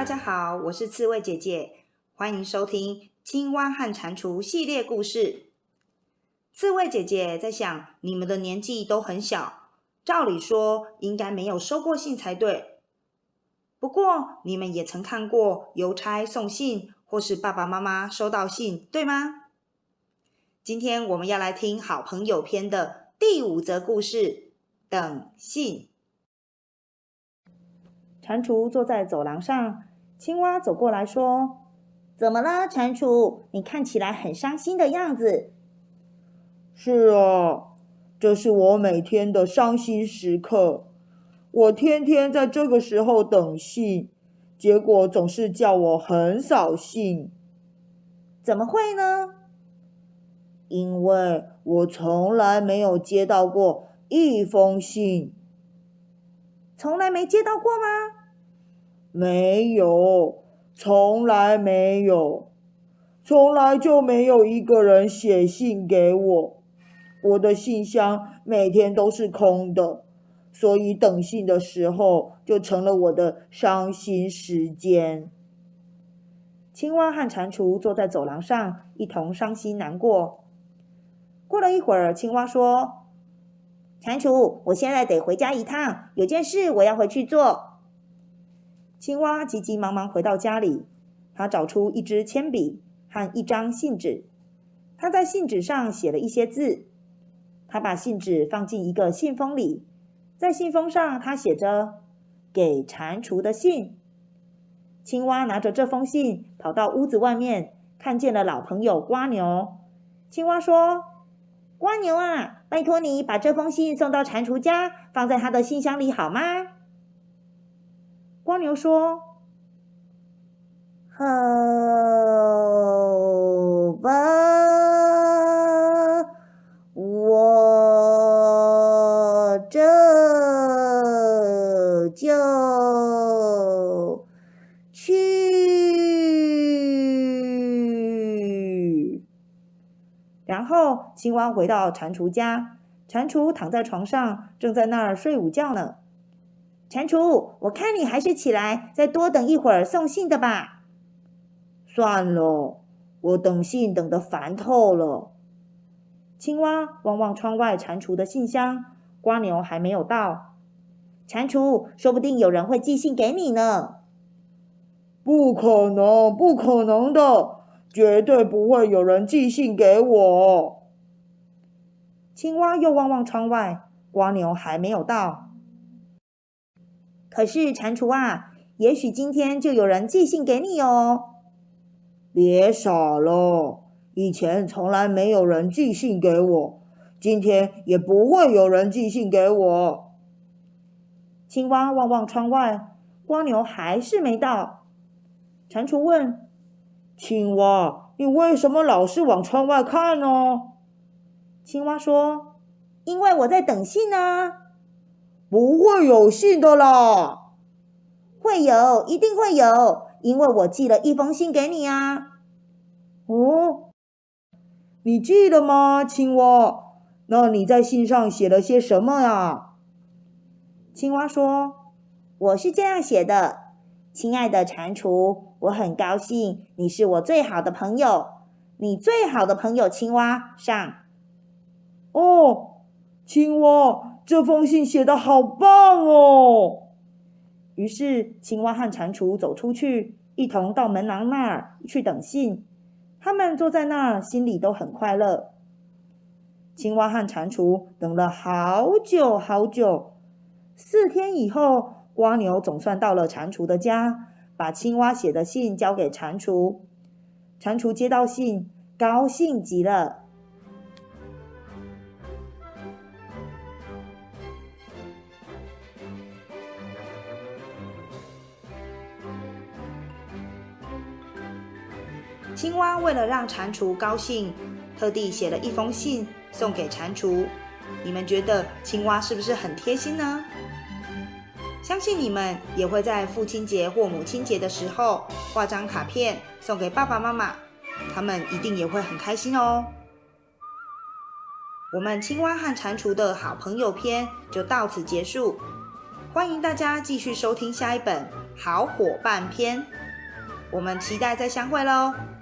大家好，我是刺蝟姐姐，歡迎收聽《青蛙和蟾蜍》系列故事。刺蝟姐姐在想，你們的年紀都很小，照理說應該沒有收過信才對。不過，你們也曾看過郵差送信，或是爸爸媽媽收到信，對嗎？今天我們要來聽好朋友篇的第五則故事——等信。蟾蜍坐在走廊上。青蛙走過來說：“怎麼了，蟾蜍？你看起來很傷心的樣子。”“是啊，這是我每天的傷心時刻。我天天在這個時候等信，結果總是叫我很掃興。”“怎麼會呢？因為我從來沒有接到過一封信。”“從來沒接到過嗎？”沒有，從來沒有，從來就沒有一個人寫信給我。我的信箱每天都是空的，所以等信的時候就成了我的傷心時間。青蛙和蟾蜍坐在走廊上，一同傷心難過。過了一會兒，青蛙說：“蟾蜍，我現在得回家一趟，有件事我要回去做。”青蛙急急忙忙回到家裡，他找出一支鉛筆和一張信紙，他在信紙上寫了一些字，他把信紙放進一個信封裡，在信封上他寫着“給蟾蜍的信”。青蛙拿着這封信跑到屋子外面，看見了老朋友蝸牛。青蛙說：“蝸牛啊，拜託你把這封信送到蟾蜍家，放在他的信箱裡好嗎？”蝸牛說：“好吧，我這就去。”然後，青蛙回到蟾蜍家，蟾蜍躺在床上，正在那兒睡午覺呢。蟾蜍，我看你還是起來，再多等一會兒送信的吧。算了，我等信等得煩透了。青蛙望望窗外，蟾蜍的信箱，蝸牛還沒有到。蟾蜍，說不定有人會寄信給你呢？不可能，不可能的，絕對不會有人寄信給我。青蛙又望望窗外，蝸牛還沒有到。可是蟾蜍啊，也許今天就有人寄信給你哦。別傻了，以前從來沒有人寄信給我，今天也不會有人寄信給我。青蛙望望窗外，蝸牛還是沒到。蟾蜍問：“青蛙，你為什麼老是往窗外看呢？”青蛙說：“因為我在等信啊。”不會有信的啦。會有，一定會有，因為我寄了一封信給你啊。哦，你記得嗎，青蛙？那你在信上寫了些什麼呀、啊？青蛙說：“我是這樣寫的，親愛的蟾蜍，我很高興你是我最好的朋友，你最好的朋友青蛙上。”哦。青蛙，這封信寫得好棒哦！於是，青蛙和蟾蜍走出去，一同到門廊那兒去等信。他們坐在那兒，心裡都很快樂。青蛙和蟾蜍等了好久好久。四天以後，蝸牛總算到了蟾蜍的家，把青蛙寫的信交給蟾蜍。蟾蜍接到信，高興極了。青蛙為了讓蟾蜍高興，特地寫了一封信送給蟾蜍。你們覺得青蛙是不是很貼心呢？相信你們也會在父親節或母親節的時候畫張卡片送給爸爸媽媽，他們一定也會很開心哦。我們青蛙和蟾蜍的好朋友篇就到此結束，歡迎大家繼續收聽下一本好夥伴篇，我們期待再相會嘍。